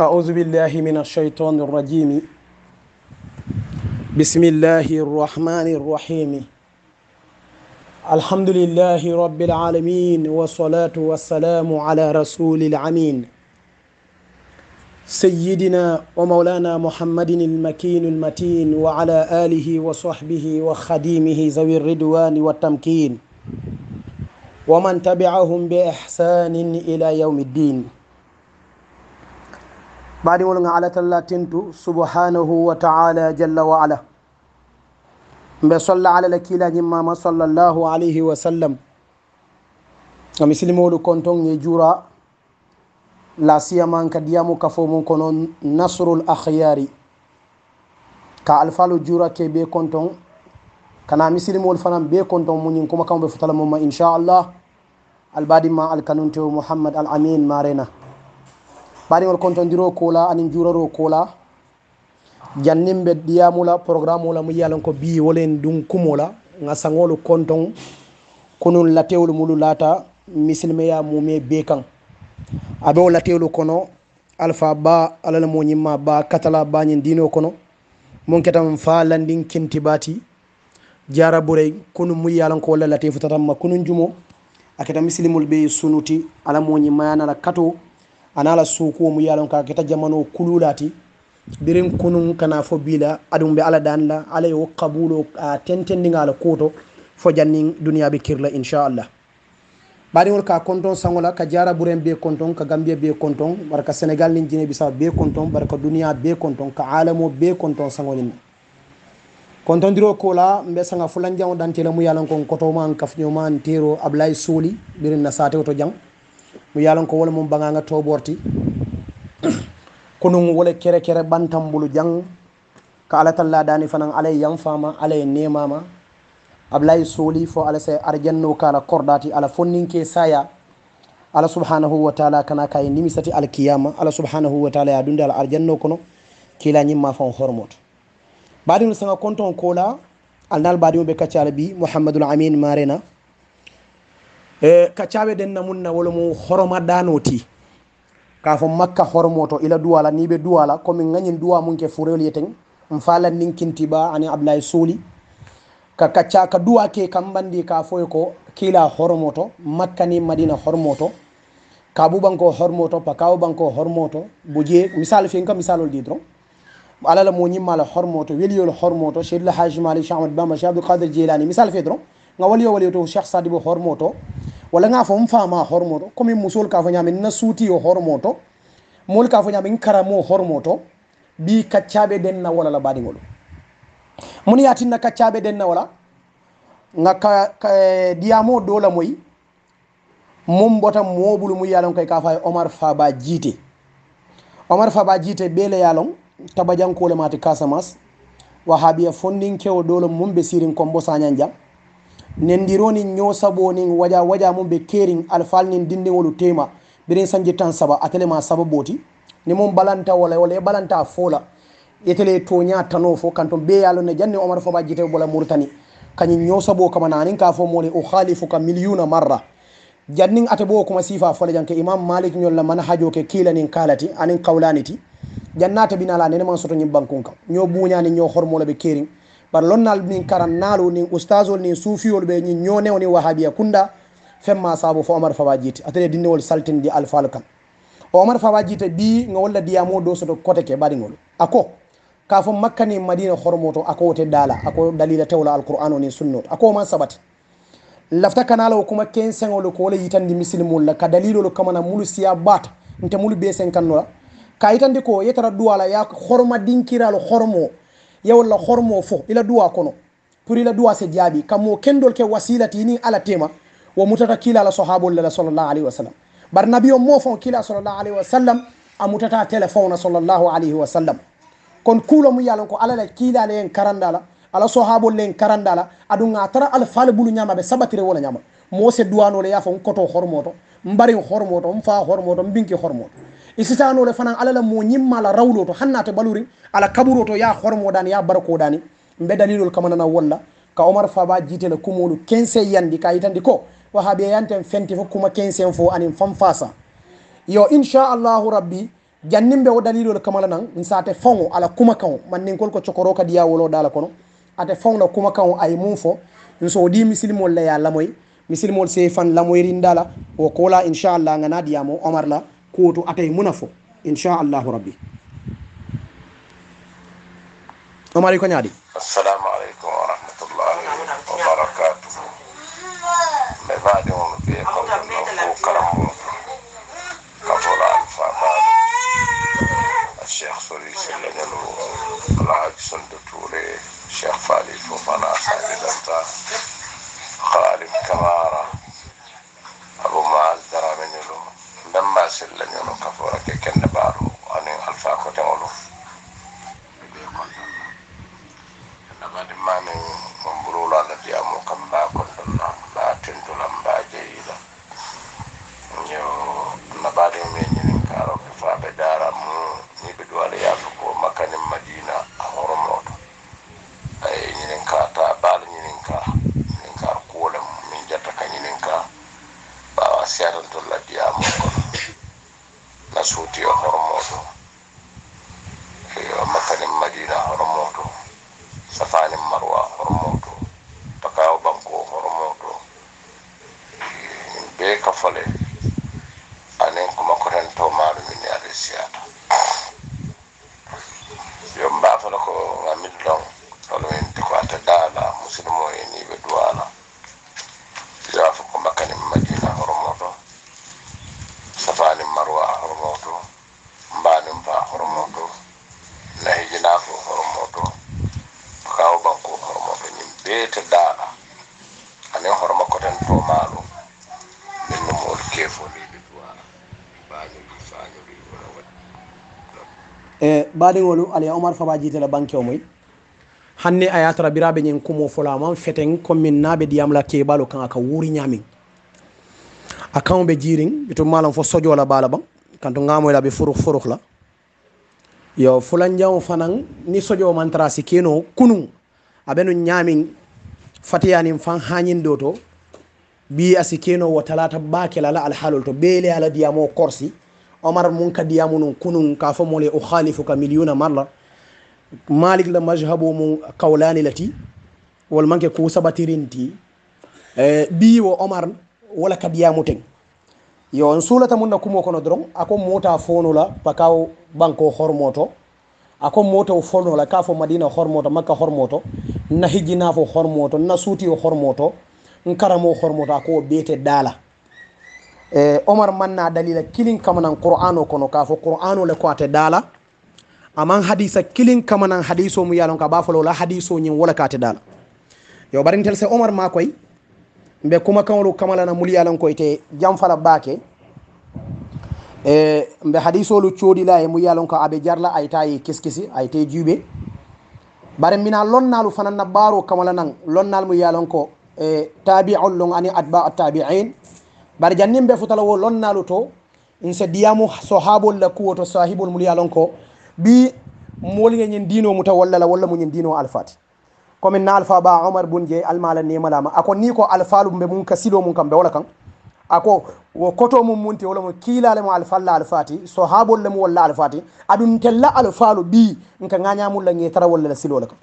أعوذ بالله من الشيطان الرجيم بسم الله الرحمن الرحيم الحمد لله رب العالمين والصلاة والسلام على رسول العمين سيدنا ومولانا محمد المكين المتين وعلى آله وصحبه وخديمه ذوي الردوان والتمكين ومن تبعهم بإحسان إلى يوم الدين baɗimol ga ala talla tentu subhanahu wa taala jalla wa ala mbe solla alala kilaji mama sallllahu alayhi wa sallam a misilimolu konton ye jura la siyaman ka diyamu kafomum kono nasrul ahyari ka alfalu jurake be konton kana misilimol fanan be konton muñin kuma kamo ɓe futalamoma inchallah albadima alkanuntewo mouhammad al amin marena ɓaɗimol contodiro kola anin juroro kola jannimɓe ɗiyamula programme ola mu yiyalon ko bi wolen ɗum kumola ga sagolu conton konun latewlu mulu lata misilmeya mume be kan aɓe o latewlu kono alpha ba alala moñimma ba katala bañin dino kono mon ketan fa landin kenti bati jara bourey konum mu yiyalon ko walla late fu tatanma konun jumo aketa misilimol ɓe sunuti ala moñimmayanala kato anala suukuwo mu yalon ka kita jamano kululati birin kunun kana fo bila adum be ala danla ala yo qabulo a tentendinga ala koto fo jannin duniya be kirla inshallah bari wol ka konton sangola ka jara buren be konton ka gambia be konton barka senegal nin jine bisa be konton barka duniya be konton ka alamo be konton sangolin konton diro kola mbe sanga fulan jamo dantela mu yalon kon koto man kafnyo man tero ablay soli birin nasate to jang mi yalanko wole mum bangaga toborti konon wole kere kere bantambulu jang ka alatan ladani fanan alaye yanfama alaye nemama ablayi soli fo ala sa arjanno ka ala kordati ala fonninke saya ala subhanahu wa taala kana kaye nimisati alkiyama ala subhanahu wa taala ya dunde ala arjanno kono kila ñimma fan hormoto badi no sanga konton kola alnal badimo ɓe kaccala bi mouhamadoul amin marena E, ka cawe den namun nawolo mu horoma danoti ka fo makka hormoto ila duwala ni ɓe duwala comme gañin duwa mun ke furel yeten um falan nin kintiba ani abdoulaye suuli ka kacca ka duwa ke kam bandi ka foy ko kila hormoto makka ni madina hormoto ka bubanko hormoto pakawo banko hormoto boje misal fi ka misalol di dron alala mo ñimmala hormoto weliyol hormoto cheikh lahaj mali cheikh ahmad bama cheikh abdoul qadir jelani misal fe dron ga waliyo waliyo to cheikh sadibo hormoto walla ga fo fama hormo to comme musol ka fo ñamin na suutio hormo to mool ka fo ñamin karamo hormo to ɓi kaccaɓe den na wala la baɗigol mun yatinna kaccaɓe den na wala ga ɗiyamo e, dola moyi mum bota moɓulu mu yalon kay ka fa omar faba jiite omar faba jiite ɓele yalon tabajankolemati casamas wahabiya fondinkewo dolo mum ɓe sirin kombo sañan jam nendironin ñosabonin waja waja mum ɓe kerin alfalnin dindiwolu tema ɓirin sanji tan saba atelema saba booti ni mum balanta wala wala e balanta foola etele toña tano fo kanto ɓeyalone janni omar foba jite bola mouritani kañi ñosabo kama nanin ka fo moni o halifuka milliuna marra jannin ate bo kuma sifa fole janke imam malik ñolla man hajo ke kilanin kalati anin kawlaniti jannate binala nene man soto ñibbankun kam ño buñani ño hormolo ɓe kerin bar lonnal min karan naalo nin oustage ol nin suufiyol ɓe nin ñoonewo nin wahabiya kunda femma saabo fo omar fawa jiite atade dinnewol saltinde alfal kam o omar fawa jiite bi ga wolla diyamo do soto cote ke ɓaɗigol ako ka fo makkani madina hormo to ako wote daala ako dalila tewla alqouran o nin sunnoto ako oman saɓat lafta kanala o kuma ken sengol ko wala yitandi misilimolla ka dalilol kamana mulu siya baata nte mulu be sen kannola ka yitandi ko yetara duwala ya horma dinkiral hormo yawalla hormo fo ila duwa kono pour ila duwa se jaabi kammo kendol ke wasilati ni ala tema wo mutata kilala sahabol lela sallllah alayhi wa sallam bar nabi o mo fon kila sallllah alayhi wa sallam a mutata téléphone sallllahu alayhi wa sallam kon kuulo mum yalon ko alala kilale en karandala ala sahabol le en karandala aɗuga tara ala fale bulu ñamaɓe saɓatire wola ñama mo se duwanole yafo koto hormoto mbarin hormoto m fa hormoto m binki hormoto i sitanole fanan alala mo ñimmala rawlo to hannate ɓaluri ala kaɓuro to ya hormo dani ya barko dani mbe dalilol kamanana wolla ka omar faba jiitele kumolu quinze yandi ka yitandi ko wahaɓi yanten fenti fo kuma quinze fo anin fanfasa yo inchallahu rabbi janninɓe o dalilol kamala nan sate fawo ala kuma kan o manninkol ko cokoro kadi ya wolo dala kono ate fawna kuma kan o ay mum fo so ɗi misilmol laya lamoy misilmol sefan lamoyrindala o kola inchallah ganadiyamo omar la koto atay muna fo inchallahu rabbi o mari ko ñaaɗi assalamu aleykum wa rahmatullahi wa barakatuhu mi mbaɗi on ɓe kono karambo kafola alfa baɗo الشيخ سوري سلمانو العاج سند توري الشيخ فالي فوفانا سعيد دمتا خالد كمارة أبو معز درامنلو ndamma sirla ñono kafora ke kende baro ani alfa ko te baɗigolu alaya omar faba jitela banque o moy hanne a yatora biraɓe ñen kumo folaman feten comme min naɓe ndiyamla kebalo kan aka wuri ñamin a kamoɓe jiring ɓe tu malam fo sodiola bala ba kanto gamoyla ɓe forok forok la yo fulanjamo fanan ni sodio o mantrasi keno kunum aɓeno ñamin fatiyanin fan hañindo to ɓi asi keno wo talata bakelala alhalol to ɓeyle ala diyamo korsi omar mun kadiyamunun kunun ka fomole ohalifuka milliona marla malik la majhabu mun kawlani lati walmanke ku sabatirinti ɓiwo e, omar wala kadiyamuten yo n sulata mun na kumo kono dron ako mota fonola pakaw banko hormoto ako mota fonola ka fo madina hormoto makka hormoto na hijinafo hormoto na suutio hormoto n karamo hormoto ako ɓeete dala e omar manna dalila kilin kamanan qur'an o kono kaa fo qur'an o le ko ate daala aman hadisa kilin kamanan hadiso mu yalon ka baafolola hadiso ñin wola ka ate daala yo barintel se omar ma koy mbe kuma kaŋolu kamalana muli yalon koy te janfala baake e mbe hadisolu coodila ye mu yalon ko aɓe jarla ayta ye kiskisi ayte juuɓe bare mina lonnalu fananna baaro kamalanan lonnal mu yalon ko e tabi ol long ani adba tabi'in bare jannin ɓe futalawo lonnalu to so diyamu sohabol la kuwo to sahibol mum yalon ko ɓi molie ñin dinomu taw wallala walla muñin dino alfati commin na alpha ba omar bon dieye almala nemalama ako ni ko alfalu ɓe mum ka silo mum kam ɓe wala kan ako wo koto mum munti wala mum kiilale mo alfalla alfati sohabol le mu walla alfati aɗum tella alfalu ɓi nka gañamulla ngetara wallala silola kam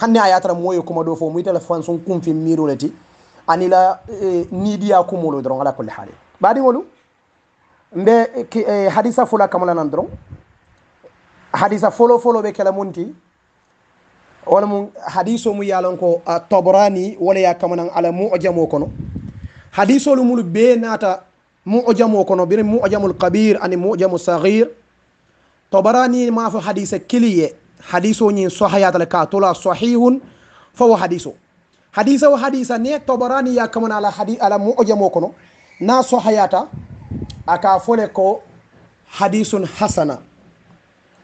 hanne a yatara moyo kuma ɗo fo muyitala fan son kumfi mirole ti anila e, niidiya kumolu doron ala kulli hali baadiŋolu mbe e, hadisa fula kamala nan doron hadisa folo folo be kela munti walamu hadiso mu yalon ko tobrani wala ya kamanan ala mu ojamo kono hadisolu mulu be nata mu ojamo kono bir mu ojamul kabir ani mu ojamu sagir tobrani mafo hadisa kiliye hadiso ñin sohayatala ka tola sahihun fawo hadiso hadisa o hadisa ne toɓorani yakkamon ala hadi ala moƴƴamo kono na sohayata aka fole ko hadisun hasana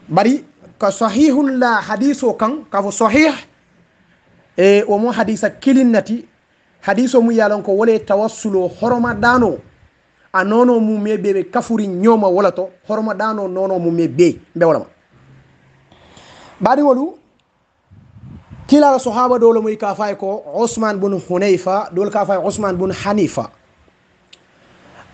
bari ko sahihun la hadise o kan kafo sahih e omo hadisa kilinnati hadise mum yalon ko wole tawassulo horoma dano a nono mume ɓeɓe kafuri ñoma wola to horoma dano nono mume ɓe mbewolama ɓaɗi wolu kilala sahaba ɗo lomoyi ka fay ko ousmane bun hunayfa ɗol ka fay ousmane bun hanifa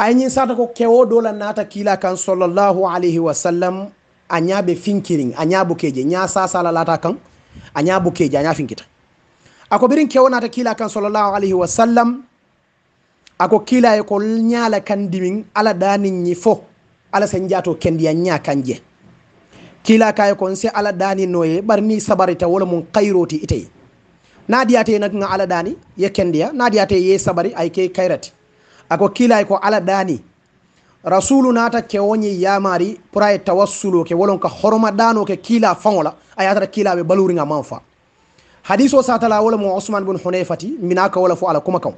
ayñin sata ko kewo ɗola nata kila kan sallllahu alayhi wa sallam a ñaɓe finkirin a ñabukeje ña sasala lata kan a ñabukeje a ña finkita ako ɓirin kewo nata kila kan sallllahu alayhi wa sallam ako kilaye ko ñala kan dimin ala ɗanin ñi fo ala sen jato kendiya ña kan je kiila kaye kon si ala daninoye ɓarni sabarita wala mum kayroti itay nadiyate naga ala dani ye kendiya nadiyate ye sabari ay ke kayrati ako kiilay ko ala dani rasulu nata kewoñi yamari pour aye tawassuloke walon ka horoma danoke kiila fawola ayatata kiilaɓe baluringa manfa hadis o satala wala mu ousmane bun hunayfati minaka wala fo ala kuma kam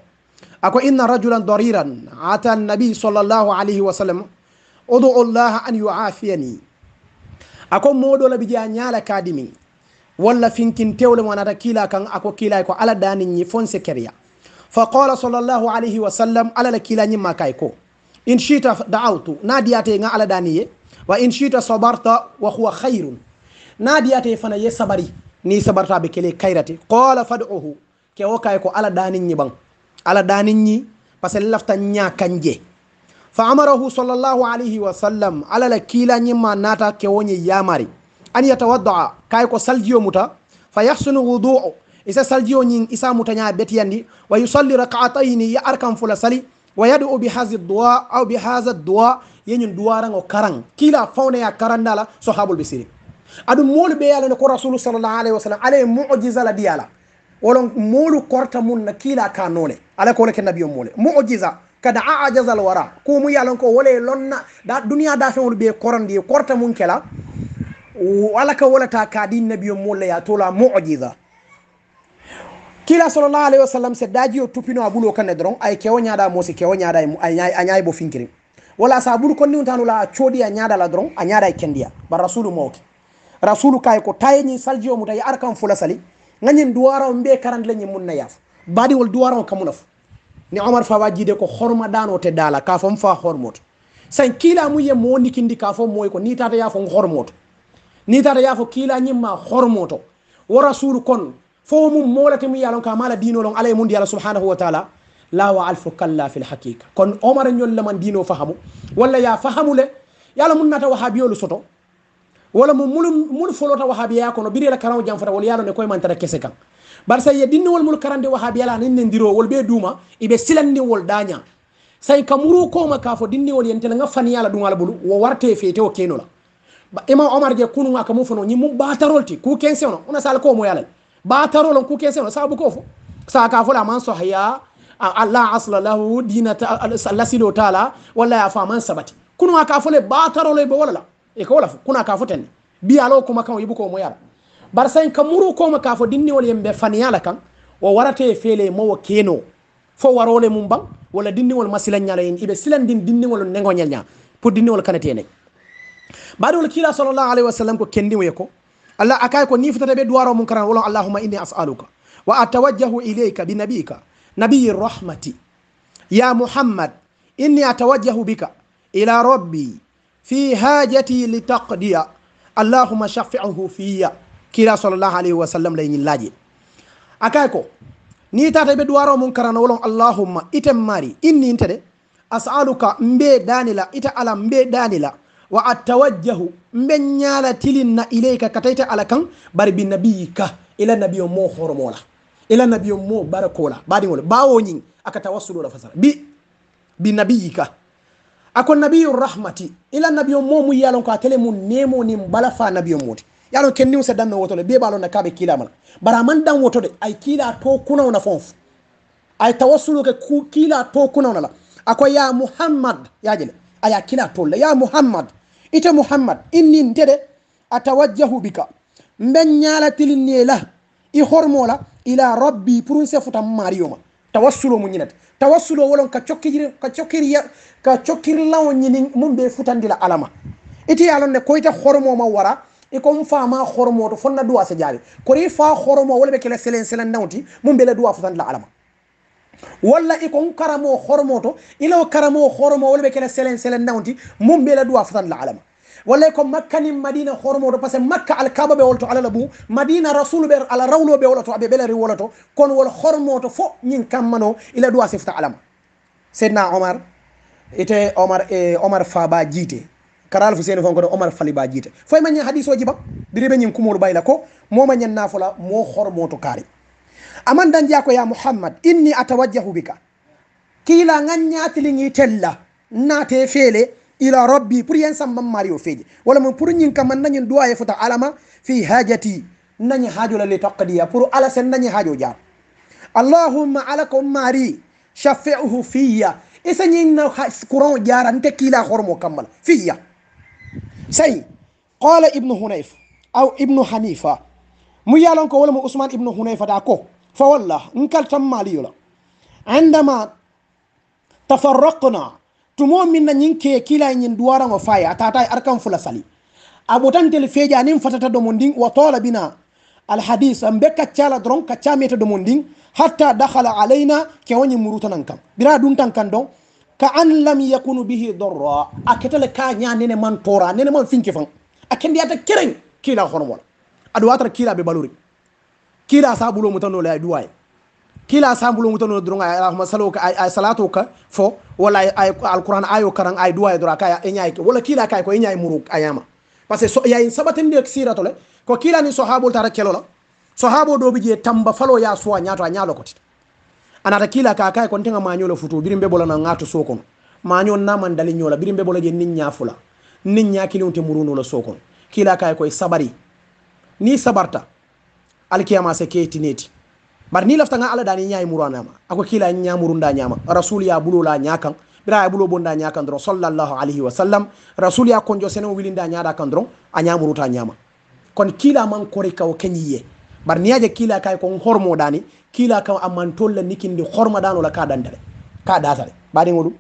ako inna rajulan dariran ata nabi sallllahu alayhi wa sallam odo ollaha an yuafiyani ako moɗo laɓi je a ñala kaadi min walla finkin tewle wonata kiila kan ako kiila ko ala daniñi fon sécaria fa qala sall llahu alayhi wa sallam ala la kiila ñimma kay ko in chita daawtu na diyate ga ala dani ye wa in chita sobarta wa huwa hayrun na diyate fana ye sabari ni sabartaɓe kele kayrate qala fadohu ke wo kay ko ala daniñi ɓan ala daniñi par ce que laftan ña kan je fa amarahu sallllahu alayhi wa sallam alala kiilañimma naata kewoñe yamari an yatawaddaa kay ko saldiyo muta fa yahsunu wudou isa saldiyo ñin isa mutaña betiyandi wa yusalli rakaataini ya arkan fula sali wa yadou bihaza dowa aw bihaza dowa yeñun duwarango karan kiila fawneya karandala sohabul bisiri aɗum moolu ɓeyalane ko rasulu sallllah alayhi wa sallam alaye mojisala diyala wolon moolu korta mun na kiila ka none ala ko wole ke nabiyo moole mojisa kada a ajazal wara kumu yalon ko wole lonna da duniya da fe wol be koran di korta mun kela wala ka wala ta ka din nabi mulla ya tola mu'jiza kila sallallahu alaihi wasallam se daji o tupino abulo kan ne dron ay kewo nyaada mo se kewo nyaada ay anyay bo finkire wala sa bul ko ni on tanula a chodi a nyaada la dron a nyaada ay kendiya ba rasulu mawki rasulu kay ko tayni salji o mutay arkam fula sali ngani duwara mbe karan lenni mun nayaf badi wol duwara kamunaf ni omar fawa jiide ko horma ɗano teddala ka fom fa hormoto san kiilamuye mo wonikindi ka fom moy ko ni tata yaafo hormoto ni tata yaafo kiilañimma hormoto wo rasulu kon fofo mum molatemu yalon ka mala dinolon alaye mundi yalla subhanahu wa taala la wa alfo kalla fi lhaqiqa kon omar ñollaman dino fahamu walla ya fahamule yalla mun nata wahabiyolu soto walla mo mul mul folota wahabiya kono birela karao janfata wala yalo ne koye mantata kese kan bar sa ye dinniwol mul karande wahabiyala nin ne ndiro wol ɓe duuma eɓe silanniwol daña say kamuru koma ka fo dinniwol yentela nga faniyala ɗumala bolu wo warte fete o kenola imam omar je kunuga kamu fono ñi mum batarol ti ku kense ono ona sala ko moyalal batarol on ku kense ono sabu ko fo sa ka fola man sohya allah asla lahu dinata allah silo taala wala ya faman sabati kunuga ka le batarol e wala la e ko wola fo kuna ka fo tenne biyalo kuma kan yibu ko moyala bar sañ ka muru koma ka fo dinniwol yimɓe faniyala kan o warate feele mowo keno fo warole mum ban walla dinniwol ma silañala en iɓe silandin dinniwol negoñalña pour dinniwol kaneteene baɗiwol kiila salllah alayhi wa sallam ko kendiwoye ko allah akay ko nifitata ɓe duwaro mum karan wolon allahuma inni asaluka wa atawajjahu ilayka bi nabika nabiyi rahmati ya mouhammad inni atawajjahu bika ila rabbi fi hajati litaqdiya allahuma shafiahu fiya kila sallallahu alaihi wasallam lay ñin akay ko ni tata ɓe duwaro mun karana wolon allahumma item mari inni inte as'aluka mbe danila ita ala mbe danila wa atawajjahu mbe nyala tilinna ilayka katayta ala kan bar bi nabiyika ila nabiyo mo horomola ila nabiyo mo barakola wol bawo ñin aka la fasara bi bi nabiyika ako nabiyu rahmati ila nabiyo mo mu yalon ko a tele nemo nim bala fa nabiyo moti yaro kenni se danno woto le bibalo na kabe kila mala bara man dan woto de ay kila to kuna na fonf ay tawassulu ke ku kila to kuna na la akoy ya muhammad ya jele aya kila to le ya muhammad ite muhammad inni ntede atawajjahu bika mben nyala tilinni la i hormola ila rabbi pour un sefuta mariyoma tawassulu mu nyinat tawassulu wolon ka chokkir ka chokkir ka chokkir lawo nyini mumbe futandila alama ite yalonne koyta hormoma wara ikon fama horomoto fonna duwa se jaabi kori fa horomo wala be kele selen selen dawti mum bele duwa fotan la alama walla ikon karamo horomoto ilo karamo horomo wala be kele selen selen dawti mum bele duwa fotan la alama walla ko makkani madina horomoto parce que makka alkaba be wolto alala bu madina rasulu be ala rawlo be wolato abe belari wolato kon wol horomoto fo nyin kammano ila duwa sifta alama sedna omar ite omar e omar faba jite karal fuseni fonko do omar fali jite jiite foy ma hadith wajiba ba diriɓe ñin kumolu bayla ko ma nafola mo hormoto kari. aman dan jako ya muhammad inni atawajjahu bika kiila ngan ngi tella nate fele ila rabbi pour yen samman mario feji wala mo pour ñin kaman nañin duwaye futa alama fi hajati hajo la li taqdiya pour ala sen nañi hajo ja allahumma ala mari Shafeu shafi'uhu fiya isa ñin na courant kila hormo kamala fiya sayi qala ibnu hunayf aw ibnu hanifa mu yalon ko wolamo ousmane ibnu hunayfa da ko fa walla nkal tammaliyola indama tafarakna tumo min na ñing ke kilay e ñin duwarango faya tatay e arkan fula sali abotantel feja nin fatata domo ding wa tola bina alhadis mbe kaccala doron kacca meta domo ding hatta dahala alayna kewoñi murutanan kam bira duntan kan don ka an lam yakunu bihi dorra a ketele ka ña nene man tora nene man finki fan a ke ndiyata kereng kiila honomol aɗa watara kiila ɓe ɓaluri kiila sabulo mutano le a duway kiila sabulo mutano droga alahuma salo ka a salato ka fo walla a alquran ayo karan ay duway dora ka eñay ke walla kiila kay ko eñay muru a ñama par ce que yay sabatin ndi sirato le ko kiila ni sohabol tara kelola sohabo ɗo ɓe jee tamba falo ya suwa ñato a ñalo ko tita anata kila ka kay kon tenga mañolo futu birim be bola na ngato sokon mañon na man dali ñola birim be bola nin ñafula nin ñakilon te muruno la sokon kila kay koy sabari ni sabarta alkiyama se keti neti bar ni lafta ala dani ñay muranama ako kila ñamuru nda ñama rasul ya bulula ñakan bira ya bulo bonda ñakan dron sallallahu alaihi wasallam rasul ya konjo senen wilinda ñada kan dro a ñamuruta ñama kon kila man kore kaw kenyiye bar niyaje kiila kay kon hormo dani kiila kam amman tolla nikindi horma dano la ka dandale ka datale badi ngodu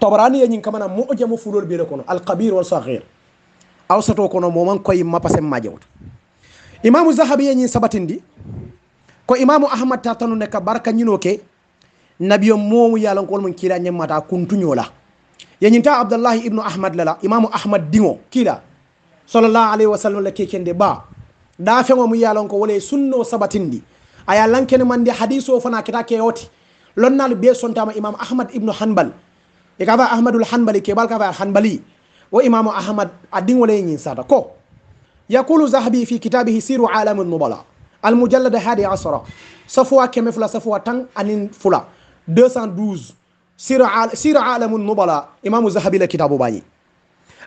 tobarani ye nyin kamana mo jamo fulol bere kono al qabir wal saghir aw sato kono mo man koy ma passe ma jawto imam zahabi ye nyin sabatindi ko imam ahmad ta tanu ne ka barka nyino ke nabiyo momu yalan kol mun kiila nyemata kuntunyola ye nyin ta abdullah ibnu ahmad lala imam ahmad dingo kiila sallallahu alaihi wasallam la kekende ba dafe mo yalon ko wole sunno sabatindi aya ye lankene mandi hadiso fana kita yoti lonnal be sontama imam ahmad ibn hanbal e kaba ahmadul hanbali ke ka fa hanbali wo imam ahmad adin wole ye sada ko yaqulu zahabi fi kitabih siru mubala nubala mujallad hadi asra safuwa keme la safwa tan anin fula 212 siru alamu nubala imamu zahabi la kitabu bañi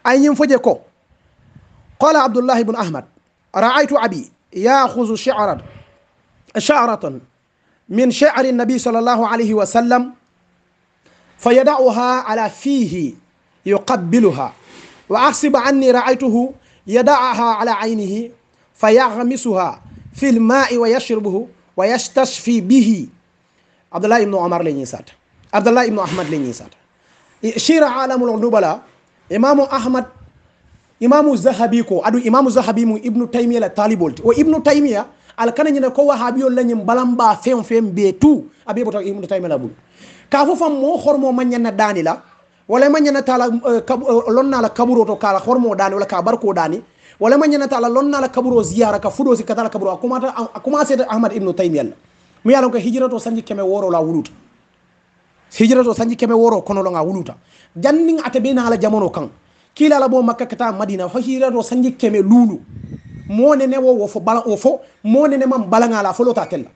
ay ñin ko qala abdullah ibn ahmad رأيت أبي يأخذ شعرا شعرة من شعر النبي صلى الله عليه وسلم فيدعها على فيه يقبلها وأحسب أني رأيته يدعها على عينه فيغمسها في الماء ويشربه ويستشفي به عبد الله بن عمر لن يسات عبد الله بن أحمد لن يسات شير عالم النبلاء إمام أحمد imamu zahabi ko adu imamu zahabi mu ibnu taymiya la talibolti o ibnu taymiya alkanañina ko wahabiyol lañin balamba fen fen be tu abe boto ibnu taymiya la ɓuri ka fofam mo hormo mañana dani la walla mañana tala eh, eh, lonnala kaburo to kala hormo dani walla ka barko dani walla mañana tala lonnala kaburo ziyara ka fuɗosi katala kaburo a commencé de ahmad ibnu taymiya la mi yalon ko hijira to sañi keme woro la wuluta hijira to sañi keme woro konologa wuluta jannin ateɓe nala jamono kan kilala bo makka kata madina fo hirato sanji keme lulu monene wo wo fo bala o fo monene mam bala ngala fo lota tella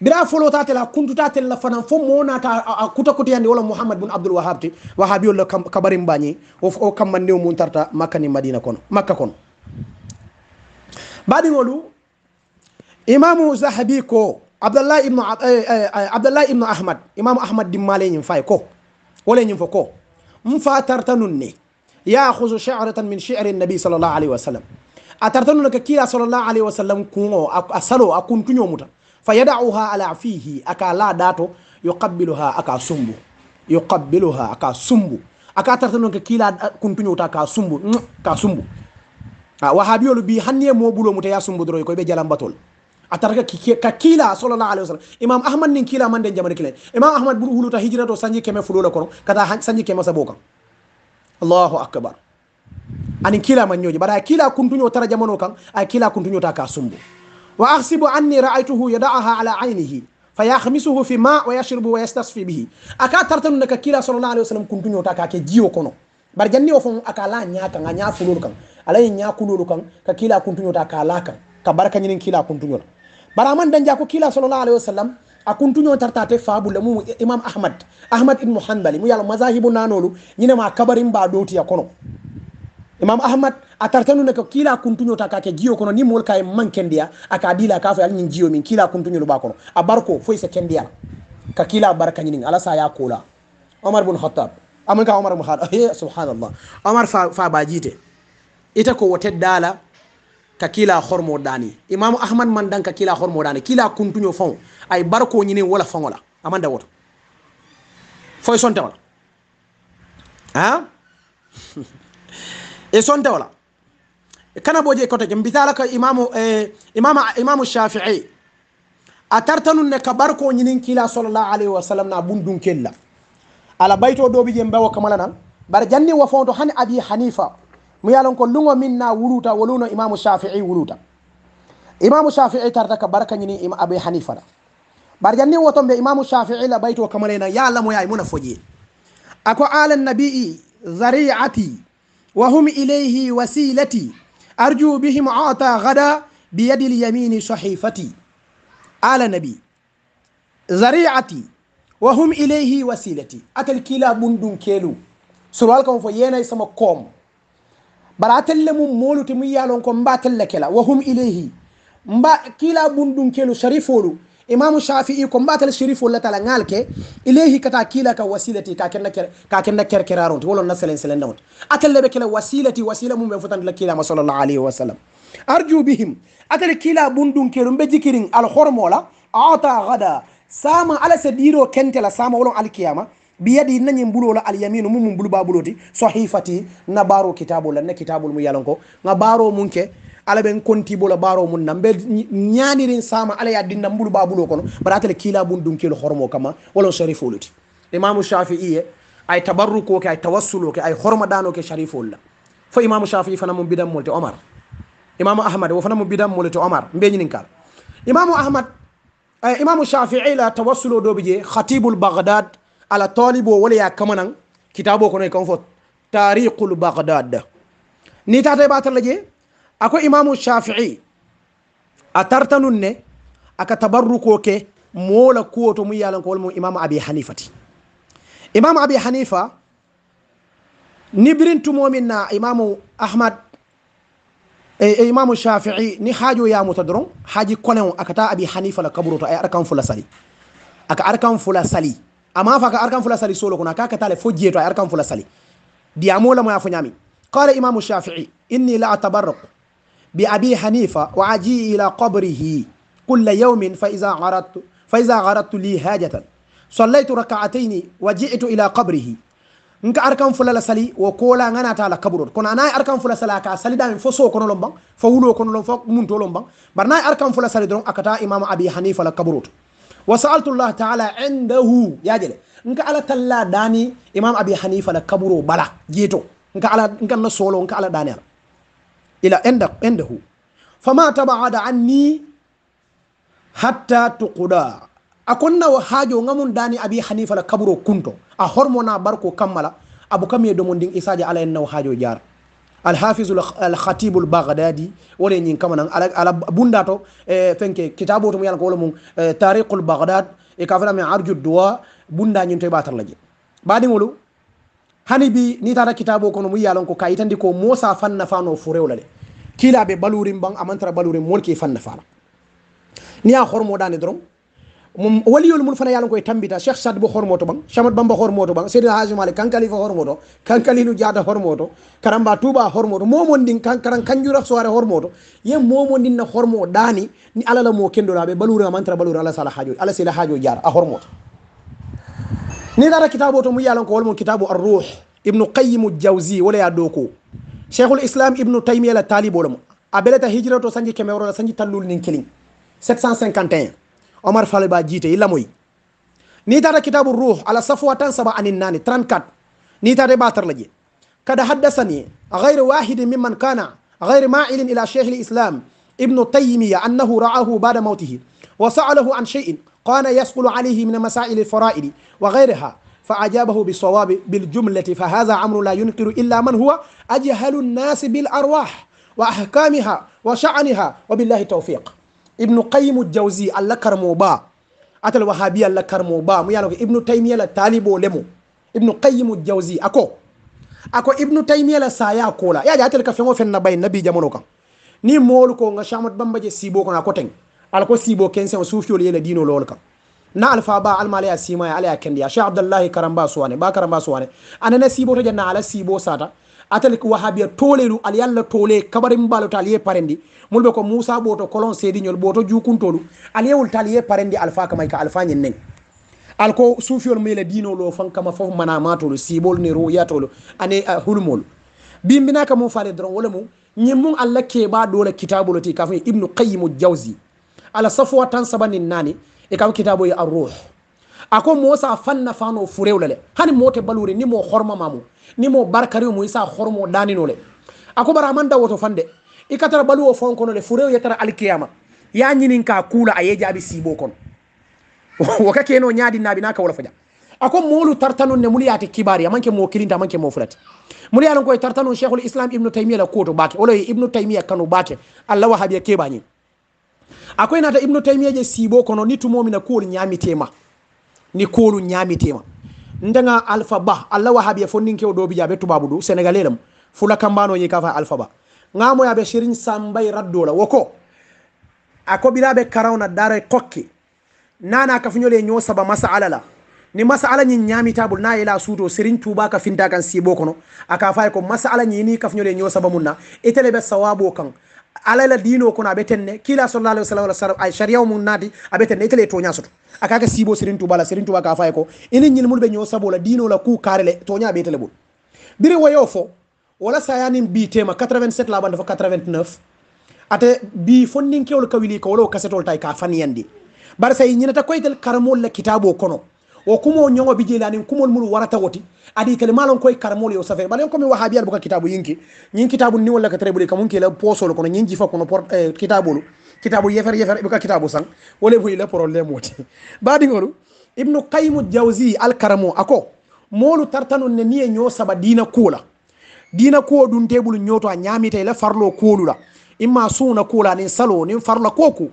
bira fo lota tella kuntuta tella fana fo mona ta a kuta kuti yande wala muhammad bin abdul wahhab ti wahhabi wala kabari mbani o o kam mande mun tarta makka ni madina kono makka kono badi ngolu imamu zahabi ko abdullah ibn eh, eh, eh, abdullah ibn ahmad imamu ahmad dimmale nyim fay ko wala nyim fo ko mfa tartanun ne yahuzu chiratan min chiri nabi sall llah alayhi wa sallam a tarta nuno ke kiira sall llah alayhi wa sallam kuŋo a salo a kuntuñomuta fa yadauha ala fihi aka la dato yuqabiluha aka sumbu yuqabiluha aka sumbu aka tarta nuno ke kiila kuntuñowta ka sumbu ka sumbu wahabiyolu bi hanniye moɓulomuta ya sumbu doroy koye ɓe jalambatol a tarka ka kiila sall llah alih wa sallam imam ahmad nin kiila mande jamani kilen imam ahmad ɓur wuluta hijira to sañji keme fulola kono kata sañji keme sabo kam allahu akbar ani kila manñoji mbaɗa kila kuntuño tara jamano kan ay kila kuntuñota ka sumbu wa ahsibu anni raaytuhu yadaaha ala aynihi fa yahmisuhu fi ma wa yashrubu wa yastasfi bihi aka tartanu ka kila sallallahu alayhi wasallam sallam taka ke jiyo kono bar janni ofon fon aka la ña kan a ña kan alay nya kulolu kan ka kila kuntuñota taka la kan ka barka nyin kila kuntuñola bara man danja ko kila sallallahu alayhi wasallam akuntuño tartate le mum imam ahmad ahmad ibn hanbali mu yalla mazahibu nanolu ma kabarim ba doti ya kono imam ahmad atartanu ne ko kila kuntuñota kake jiyo kono ni mol kay man kendiya aka dila ka fa fo alñin jiyo min kila kuntuñolu ba kono a barko foy sa kendiyala ka kila baraka ñinin ala sa ya kula umar ibn khattab amul ka umar bun khattab subhanallah umar fa, fa ba jite ita ko wote dala ka kila hormo dani imam ahmad man dan ka kila hormo dani kila kuntuño fon ay barko ñini wala la amanda woto foy sonte wala ha e sonte wala e e kana boje e kota je mbitala ka imamu eh, imama imamu shafi'i atartanu ne ka barko ñinin kila sallallahu alaihi wasallam na bundun kella ala bayto dobi je mbawo kamala nan bar janni wa fonto hani abi hanifa mu yalon ko lungo minna wuluta waluno imamu shafi'i wuluta imamu shafi'i tarta ka barka ñinin abi hanifa la bar janni wotombe imamu shafii la ɓayto kamalena ya lamoyay muna foƴe ako ala nabii zariati wa hum ilayhi wasilati arju bihim ata gada biyadi lyamini sahifati ala nabi zariati wa hum ilayhi wasilati atel kila ɓundum kelu sorwal kam fo yenay sama koom bara atelle mum molute mum yalon ko mba telle kela wa hum ilayhi mba kila ɓundum kelu sharifolu imam shafi'i ko mbatal sherifu la tala ngal ke ilayhi kata kila ka wasilati ka kenna ker ka kenna ker keraro to wolon nasalen selen dawon akal lebe kala wasilati wasila mum be futan la kila sallallahu alaihi wasallam arju bihim akal kila bundun kerum be jikirin al hormola ata gada sama ala sadiro kentela sama wolon al kiyama biyadi nañi mbulola alyaminu mumum buluba buloti sahifati na baro kitabu la ne kitabul mu yalanko nga baro munke ala ɓen conti bolo baro mum nam ɓe ñanirin sama ala ya dinna mbulu babulo kono baɗatale kiila bum ɗum kilo hormo kama walon sharifoluti imamu shafii e ay tabarruko ke ay tawassulo ke ay horma danoke sharifol la fo imamu shafii fana mum bidanmol te omar imamu ahmad wo fana mum bidanmol te omar mbeñinin kala imamu ahmad ay imamu shafii la tawassulo doɓe je khatibul bagdad ala tolibo wala ya kamanan kitabo kono e kam fo tariqul bagdad ni tata e ɓatalla je ako imamu shafii a tartanun ne aka tabarruko ke mola kuwo to mu yalankowol mu imamu abi hanifa ti imamu abi hanifa nibirintumomin na imamu ahmad e, e imamu shafii ni haajo yamuta doron haaji kone o akata abi hanifa la kaburoto ay arkan fula sali aka arkan fula sali ama fa ka arkan fula sali solo kono aka katale fo jeeto ay arkan fula sali diyamolamoya fo ñami qala imamu shafii inni la atabarraku بأبي حنيفة وعجي إلى قبره كل يوم فإذا عرضت فإذا عرضت لي حاجة صليت ركعتين وجئت إلى قبره نك أركان فلالا سلي وكولا غنا تعالى قبره كنا أنا أركان فلالا سلي أكا سلي دائم فسو كون لومبا فولو كون لومبا منتو لومبا برنا أركان فلالا سلي درون أكتا إمام أبي حنيفة لقبره وسألت الله تعالى عنده يا جل نك على تلا داني إمام أبي حنيفة لقبره بلا جيتو نك على نك نسولو نك على داني ila indahu fama tabaada anni hatta tukuda akonnawo haajo ngamun dani abi hanifa la kaburo kunto a hormona barko kammala abu kam ye domo ndin isaji ala ennawo haajo jaar alhafizu alhatibu lbagdadi wone ñin kamanan ala bunda to e, fenke kitabo tomo yalan ko wolo mum tariqu lbagdad e, e kaframi arju dowa bunda ñin to e ɓatarla je baɗingolu hani bi ni tata kitabo kono mu yiyalon ko kayi tandi ko mosa fanna fano fo rewla le kilaɓe balurin ban amantara balurin mon ke e fanna fana ni a hormo dande dorong mum waliyol mun fana yalon koy e tambita cheikh sad bo hormo to ban chamad bamba hormo to ban sayyid hajj malik kan kalifa hormo to kan kalinu jada hormo to karamba tuba hormo to momon din kan karan kanjura soare hormo to ye momon din na hormo dani ni alala mo kendo labe balura mantra balura ala sala hajjo ala sala hajjo jara a hormo to ni gara kitabu o to mu yalon ko holmon kitabu arruh ibnu qayimu jawsi wala ya doko cheikhul islam ibnu taymia la talibola mo a beleta hijira to sañdi kemeworola sañdi tallul nin kelin 751 omar fale ba jiite i lamoy ni tata kitabu ruh ala safwa tan saba anin nani 34 ni tata batar la je kada haddasani gayre wahidin mimman kana gayre mailin ila cheikh l'islam ibnu taymia annahu raahu bada mautihi وسأله عن شيء قال يسقل عليه من مسائل الفرائد وغيرها فأجابه بالصواب بالجملة فهذا عمر لا ينكر إلا من هو أجهل الناس بالأرواح وأحكامها وشعنها وبالله توفيق ابن قيم الجوزي اللكر موبا أتى الوهابية اللكر موبا ميانو يعني ابن تيمية التالب لمو ابن قيم الجوزي أكو أكو ابن تيمية لسايا كولا يا جاتلك كفنو فن نبي نبي جمونوكا ني مولكو نشامت بمبجي سيبوكو ناكو تنك ala ko siiɓo kense o suufiyol yele dino lool kam na alpha ba alma ala ya simaya ala ya kendiya cheikh abdoullahi karamba suwane ba karamba suwane anane siiɓo to janna ala siiɓo sata atal wahabiya toolelu al yalla toole kabarim mbaloto al ye parendi mulɓe ko moussa ɓoto colon seediñol ɓoto jukuntolu al yewol ta al ye parendi alpha kamay ka alpha ñen neng alko suufiyol mele dino lo fan kama foof manamatolu siiɓol ne royatolu ane uh, hulmolu bimbinaka mum fale dron wala mum ñimmum allah keeɓa ɗole kitabolo ti kafo ibnu qayimu jawsi ala wa tan sabani nani e kitabu ya arruh ako mosa fanna fano furewlele hani mote baluri ni mo horma mamu ni mo barkari mo isa hormo dani nole ako bara manda woto fande i e balu wo fon kono le furew yetara alkiyama ya ñinin ka kula ayeja bi sibo kon kono wo ka keno ñaadi naabi naka wala faja ako molu tartanon ne muliyati kibari amanke mo kilinta amanke mo furati mulu koy koye tartanon cheikhul islam ibnu taymiya la koto bake wala ibnu taymiya kanu bake allah wahabiya kebani akoye nata ibnu taymiyaje siibo kono ni tumomi na kuwol ñamitema ni kuwolu ñamitema ndega alpha ba allah wahabi ye fon nin kew doobijaɓe tubabu du sénégalais lam fula kambanoyi ka fa alpha ba gamoyaɓe sérigne sambay raddola woko akoɓiraɓe karawna daara kokke nana kafuñole ño saba masa ala la ni masa ala ñin ñamitabol na yela suuto sérigne touba ka finta kan siibo kono aka fay ko masa ala ñini kafuñole ño saba mum na itele ɓe sawabo kan alala dino kono aɓe tenne kila sallallahu alaihi wasallam sallam ay sharia o nadi abetenne aɓe tenne itele toña soto akaka siibo sirin la sirin tuba ka fay ko ini nyin mulbe nyo sabo la dino la ku karele toña aɓe itele ɓol biri wayo fo wala sayani bi tema 87 la bande fo 89 ate bi kewol kawili ko wala kasetol tay ka fan yandi faniyandi bara sa ñinata koytel la kitabo kono o kumoo ñoŋo bijeeli aniŋ kumol munu warata woti adi kele maa lon koye karamoolu yo safe bala yon komi wahaabi al buka kitaabu yinki ñiŋ kitaabu ni wolla ka tara buli kamu kiila poosolu kono ñiŋ jifa kono eh, kitaabolu kitaabu yefer yefer buka kitaabu saŋ wole fo ila problème woti baadiŋolu ibnu kayimu jawsi al karamo ako moolu tartanun ne ni ye ñoo saba diina kuo la diina kuo dunteebulu ñooto a ñaamita ila farlo kuolu la imma suuna kuo la aniŋ saloo niŋ farla kuo ku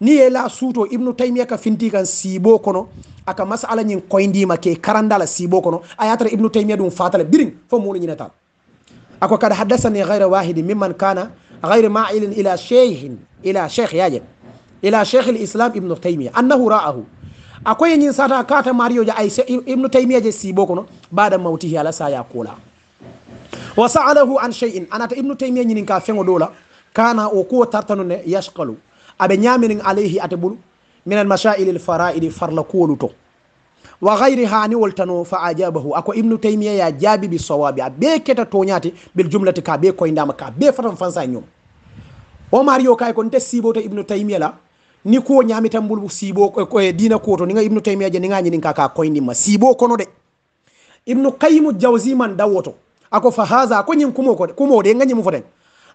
ni ye la suuto ibnu taymia ka finti kan siiboo kono aka masala ñin koyndima ke karandala siibo kono a yatara ibnu taymia ɗum fatala biriŋ fo muunu ñinetal ako kad haddasani gayre wahidi mimman kana gayre mailin ila cheikhin ila cheikh yaje ila cheikhe lislam ibnu taymia annahu raahu akoye ñin sata kata mario je ay ibnu taymia je siibo kono bada mawtihi ala saya kuula wa saalahu an cheyin anata ibnu taymia ñinin ka feŋo ɗo la kana o kuwo tartanu ne yashkalu aɓe ñaminin alayhi ate ɓuuru minal masailil faraidi farla kuwolu to wa gayri hani woltano fa ajabahu ako ibnu taymia ya jaabi bi sawabi a ɓe keta toñati bil jumlati ka ɓe koyndama ka ɓe fatan fansa ñum o mario kay ko nte siboto ibnu taymia la ni kuwo ñamitan mbulu siibo e dina kuwo to niga ibnu taymia je ni gañinin ka ka koyndinma siibo kono de ibnu kayimu jawsi man dawoto ako fa hasa ko ñin kumo kode kumo de ga ñimu foten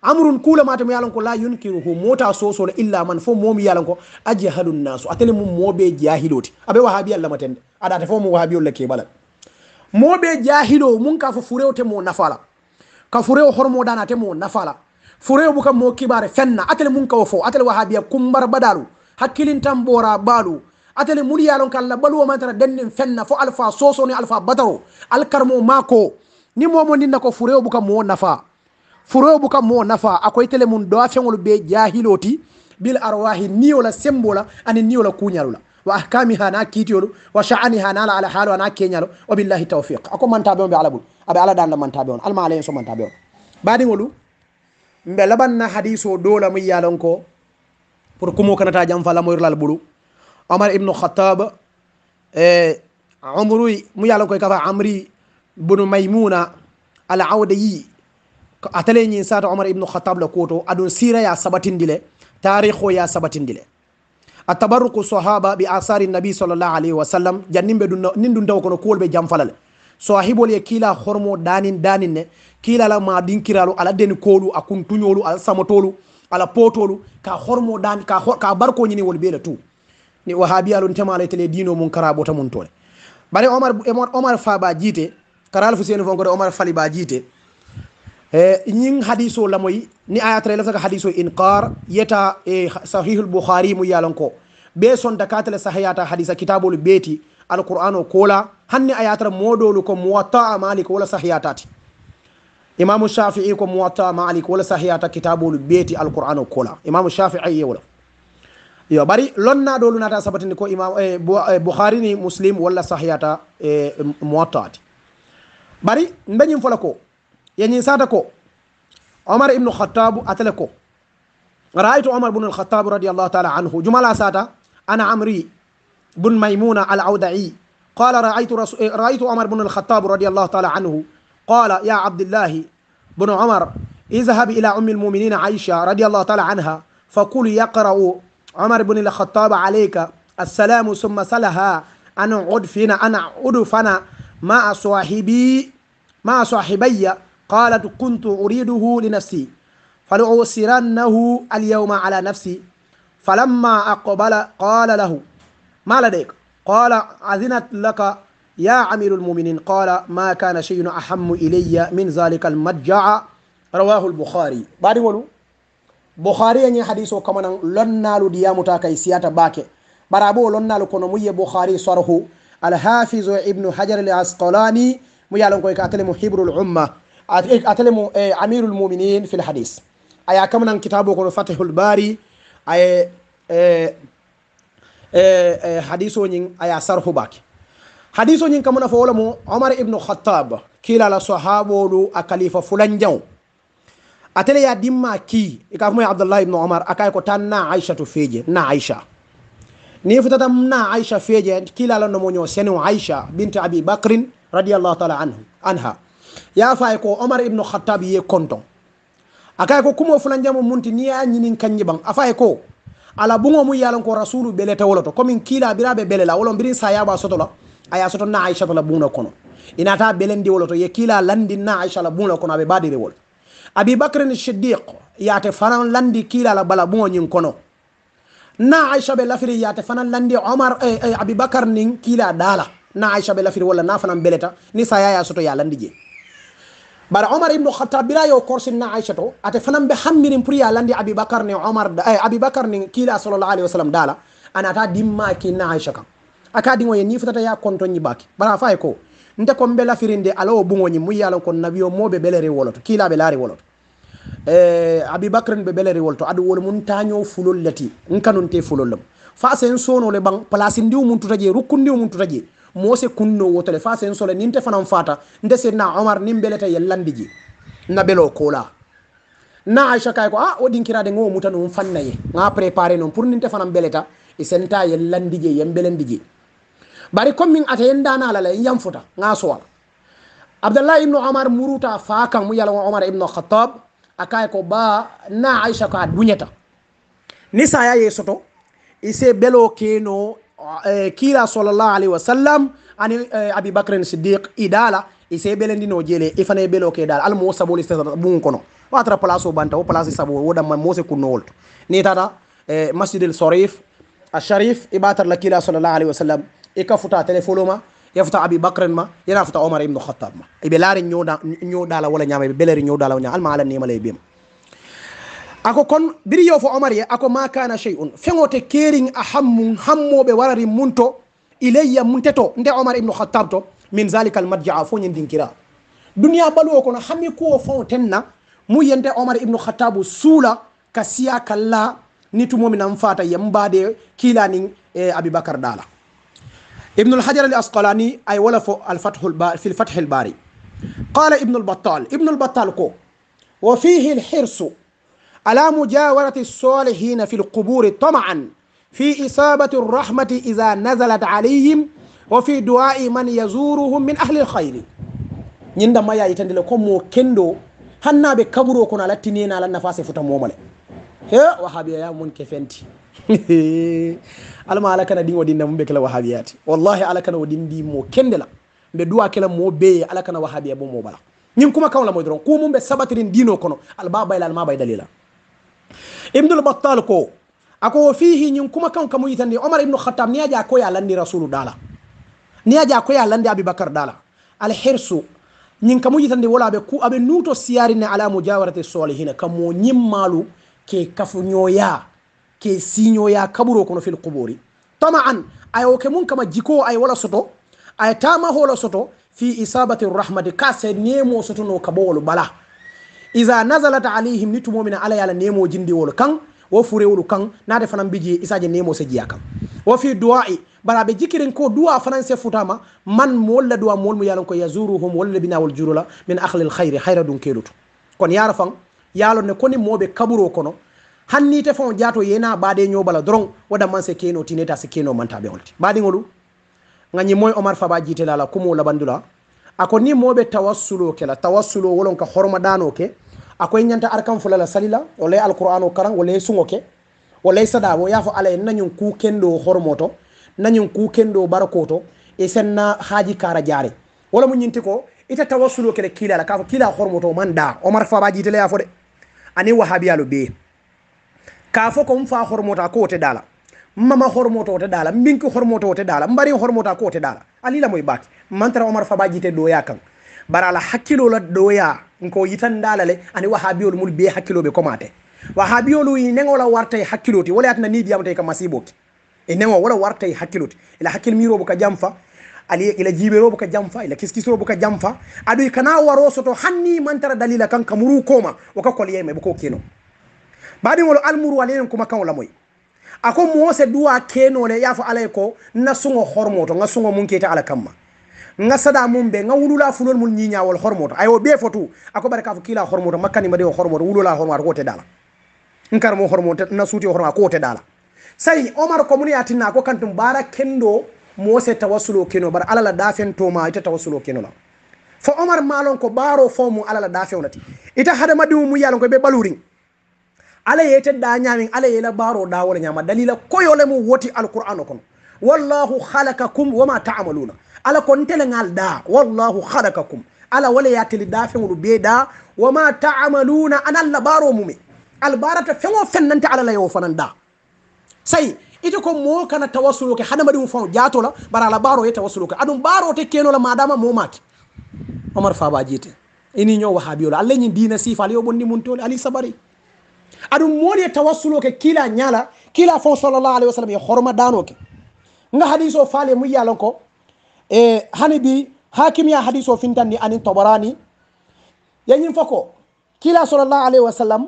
amrun kulamatomo yalonko la yunkiruhu mota sosola illa man fo momi yalonko ajahalu nnasu atene mum moɓe jahiloti aɓe wahabi allahmatende aɗate fo mo wahabiolla keɓalal moɓe jahilo mun ka fo furewte mo nafala ka furewo hormoɗanate mo nafala furewo bukam mo kibare fenna atele mun kawo fo atele wahabiya kumbar baɗalu hakkilintan ɓora baalu atele mun yalon ko allah ɓaluwo mantara dennin fenna fo alpha sosoni alpha bataro alkarmo mako ni momo ndinna ko furewo bukam mo nafa furoyobu kam mo nafa akoytele mum doa feŋol ɓe jahiloti bil arwahi niyola sembola ani niyola kuñalola wa ahkami hana kiitiyolu wa chaani hanala ala haalu ana keñalo wabillahi tawfiq ako mantaɓe on ɓe ala ɓol aɓe ala danla mantaɓe on alma alayen so mantaɓe on baɗiŋolu mbe laɓanna hadis o dola mu yalon ko pour kumo kanata jam fa lamoyrlal ɓolu omar ibnu khatab eh, umru mu yalon koy kafa amri bunu maymuna al awde yi ko atale ñin sata omar ibnu khatab le koto aɗum sira ya sabatindi le tarikho ya sabatindi le a tabaruku sahaba ɓi asari nabi sallllah alayhi wa sallam janninɓe nin ɗum tawa kono kuwol ɓe janfala le so ahibol ye kiila hormo danin danin ne kiilala ma ɗinkiralu ala deni koolu a kun tuñolu ala samatolu ala potolu ka hormo dani ka barkoñini wol ɓeele tout ni wahabiyalu temala tele dino mum karaɓota mum tole bare omar omar fa ba jiite karalfuseni fon kode omar fali ba jiite E, ñing hadiso lamoyi ni ayatrele saka hadiso inkar yeta e sahihul bouhari mu yalonko ɓe son dakatele sahayata hadisa kitabolu ɓeeti alqouran o kola hanni a yatara moɗolu ko mowatta a malik wala sahayatati imamu shafii ko mowatta a malik wala sahayata kitabolu ɓeeti alqouran o kola imamu shafii yewla yo ɓari lonnaɗolu nata sabatini ko imam e, bouhari e, ni muslim walla sahayata mowattati ɓari beñin fola ko يعني سادكو عمر ابن الخطاب أتلكو رأيت عمر بن الخطاب رضي الله تعالى عنه جمالا سادة أنا عمري بن ميمونة العودعي قال رأيت, إيه، رأيت عمر بن الخطاب رضي الله تعالى عنه قال يا عبد الله بن عمر اذهب إلى أم المؤمنين عائشة رضي الله تعالى عنها فقل يقرأ عمر بن الخطاب عليك السلام ثم سلها أنا عدفنا أنا عدفنا مع صاحبي مع صاحبي قالت كنت أريده لنفسي فلعسرنه اليوم على نفسي فلما أقبل قال له ما لديك قال أذنت لك يا عمير المؤمنين قال ما كان شيء أحم إلي من ذلك المجع رواه البخاري بعد ولو بخاري أني يعني حديثه كمان لن ديامو تاكي سياتة باكي برابو لن نالو كنمي بخاري صاره الحافظ ابن حجر العسقلاني ميالون كوي كاتل محبر العمّة atelemu amirul muminin fil hadis aya kamnan kitabu kono fatihul bari aye hadis oñin aya sarhu bake hadis oñin kamuna fo wolemo omar ibnu khatab kilala sahabolu a kalifa fulan jaw atele ya dimma ki ika fumay abdullah ibnu omar akay ko tan na aisha to feje na aisha ni futata na aisha feje kilala nomoño seno aisha binte abi bakrin radiallahu taala anhu anha yafay ko omar ibnu khattab ye konton akay ko kumo fula jamo munti ni a ñinin kañi ban afay ko ala bungo mu yalan ko rasulu belete wolo to comme in kila birabe belela wolo birin sa yaba soto la aya soto na aisha la buna kono inata belendi wolo to ye kila landi na aisha la buna kono abe badire wol abi bakr ni shiddiq yate fanan landi kila la bala bungo nyin kono na aisha be lafiri yate fanan landi omar e eh, eh, abi bakr nin kila dala na aisha be lafiri wala na fanan beleta ni sa yaya soto ya landi je bara omar ibnu khatab bira yo korsinna aicha to ate fanan ɓe hammirin pour ya landi abibacar ni omar eh, abibacar ni kiila sallallah alih wa sallam dala anata dimmaki na aicha kan akadin oye ni fotata ya kontoñi baki bara fay e ko nte kon ɓe lafirinde alawo ɓugoñi muyyalon kon nawi o moɓe ɓelere woloto kiilaɓe laari woloto eh, abibacar n ɓe ɓelere woloto aɗu wol mum taño fulol lati n kanunte fulollem fa sen sonole ɓan place ndiwmum tuta je rukku ndiwmum tuta je mose kunno wotole fa sen sole ninte fanan fata nde sen na omar nin belete yellandiji na belo kola na aisha kay ko a ah, o dinkirade ngo muta non fannaye nga préparer non pour ninte fanan beleta e senta yellandiji yembelandiji bari comme min ate yenda na la la yam fota nga soal abdallah ibn omar muruta fa kan mu yalo omar ibn khattab akay ko ba na aisha ka dunyata ni saya yeso to ise belo keno Eh, kiila salllah alayhi wa sallam ani eh, abibacre siddiq i daala i se ɓelendino jeele i fana ɓelo ke daala alamo wo saboli bugu kono wa tara place o banta wo place sabo woɗam mo se kunnowolto ni tata eh, masjid l sharif a sharif i ɓa tara la kiila salllah alayhi wa sallam i kafuta téléfolo ma yafuta abibacren ma yana futa omar ibnu khatab ma iɓe laari ñoo ñoo ɗaala wala ñama ɓe ɓelari ñoo ɗaala ñama alma ala nemala e ɓema ako kon biri yo fo omar ye ako ma kana shay'un te kering a hammu hammoɓe warari mun to ilayya munteto nde omar ibnu khattab to min zalika almadjaa fo ñin dunya duniya ko kono hammi kuwo fo tenna mu yende omar ibnu khattab suula ka kala nitu ni tumomi nan fata yembade kilani e eh, dala ɗala al hajar al asqalani ay wala fo fi al bari qala ibnu ibn ibnu battal ko wa fihi hirsu ala mujawarati solihina fi lquburi tamaan fi isabati rahmati ida nazalat alayhim wa fi duwai man yazuruhum min ahli lhayri ñinda mayaji tandile ko mo kendo hannaɓe kaburo kono a lattinina alan nafa se futa momole he wahabiyaya mun ke fenti alama alakana ɗin o ɗinna mumɓe kela wahabiyati wallahi alakana o ɗindi mo kendela mɓe duwa kela mo beye alakana wahabiya bo mo bala ñin kuma kawlamoy dron ku mumɓe sabatirin dino kono albabaylalma bay dalila ibnul battal ko ako fihi ñin kuma kan kamu yitandi omar ibnu khattab ni aja koya landi rasulu dala ni aja koya landi abubakar dala al hirsu ñin kamu yitandi wala be ku abe nuto siyari ne ala mujawarati salihina kamo ñim malu ke kafu ñoya ke siñoya kaburo kono fil qubori tama an ayo ke mun kama jiko ay wala soto ay tama hola soto fi isabati rahmati ka se nemo soto no kabolu bala isa nasalata alayhim ni tumomina ala yaala nemo jindiwolo kan wo furewolu kan nade fana mbiji isaje nemo se jiya kan wo fi dowai bara ɓe jikkirin ko duwa fanase futama man molla duwa molmu yalon ko yazuruhum wolle binawol jurula min ahlil hayre hayra ɗum keɗoto kono yara fan yalonne koni moɓe kaɓuro kono hannite fan jato yena baade ñobala dron waɗa man se keno tineta se keno mantaɓe olti baɗigolu gañi moy omar faba jiitelala kumo labandula ako ni moɓe tawassulo kela tawassulo wolon ka horma ɗano ke okay? akoy ñanta ar kam fulala salila o lay alquran o karan o lay sugoke o lay sadabo yafo alaye nañum ku kendo hormoto nañum ku kendo barakoto e senna haaji kara jaare wala mu ñinti ko ita tawassulo kele kiilala kafo kiila hormoto man da omar faba jiite le yafo de ani wahabiyalo ɓee kafo kom fa hormoto ko wote dala mama hormoto wote dala mbinki hormoto wote dala mbari hormoto ko wote dala alila moy baati mantara omar faba jiite doya kan bara ala hakkilola ɗoya ko yitandalale ani wahabiyol mul biye hakkiloɓe commate wahabiyolu i neola warta e hakkiloti wala yatna nibiyamta ka masiboki e neo wala warta e hakkiloti ila hakkil miroɓo ka jamfa aliye ila jiɓerobo ka jamfa ila kiskisrobo ka jamfa aɗoy kana warosoto hanni mantara dalila kan ka muru koma woka kolyema boko keno baɗiol almuru alene kuma kan olamoy ako mose duwa kenole yafo alay ko nasugo hormoto gasugo mun kete ala kamma ngasada mum ɓe nga wulula fulol mum ñiñawol hormoto ayo ɓe foto ako ɓare kafo kiila hormoto makkanimbaɗi o hormoto wulula hormoto ko teɗala nkarmo hormoto na suuti o hormoto ko teɗala sayi omar commune yatinna ko kantum ɓara kendo mose tawasulo keno bara alala dafentoma ita tawasulo kenola fo omar malon ko ɓaro fo mum alala dafewnati ita hadama ɗimu mu yalon ko ɓe ɓalurin alaye tedɗa ñamin alayela ɓaro ɗawola ñama dalila koyole mum woti alqur'an o kono wallahu halakakum wama taamaluna ala kontelengal ɗa wallahu halakakum ala walayateli da feŋolu ɓe ɗa wama taamaluna ana allah baro mume albarata feŋo fennante ala layowo fanan ɗa sayi ite ko mo kana tawasuloke hadamaɗi mu faw jatola bara ala baro ye tawasuloke aɗum baro te kenola madama momake omar faba jiite ini ño wahabiyola allah ñi dina sifa ala yo ɓondi muntole ali sabari aɗum moɗi e tawasuloke kiila ñala kiila faw sallallah alayhi wa sallam ye horma danoke nga hadis o faale muyyalon ko e hani bi hakimiya hadis o fintandi anin toborani yeñin fo ko kila sallallah alayhi wa sallam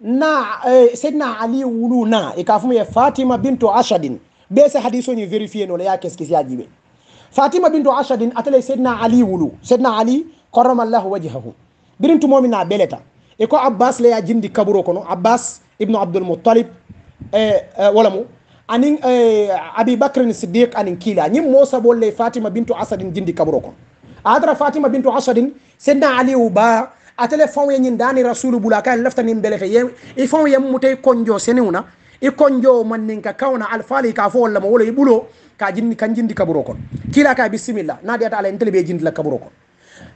na eh, seydna ali wulu na e ka fumaye fatima binto achadin ɓe se hadisoñi vérifie no laya qes kesi ajiɓe fatima binto achadin atale seydna ali wulu seydna ali karamallahu wajhahu birin tumomi na ɓeleta e ko abbas laya jindi kaburo kono abbas ibnu abdulmutalib e eh, eh, wala mo anin eh, abibacre ni siddiq anin kiila ñin mosabolle fatima bintu asadin jindi kaburo kon adara fatima bintu asadin sedna aliou ba atele fawye ñin dani rasulu bula ka en laftanin belete ye i faw yem mutey konjo seniuna i konjo manninka kawna alfali ka fo wallama wolo i ɓulo ka jindi kan jindi kaburo kon kiila ka bisimilla nadiyata ala en telebe jindila kaburo kon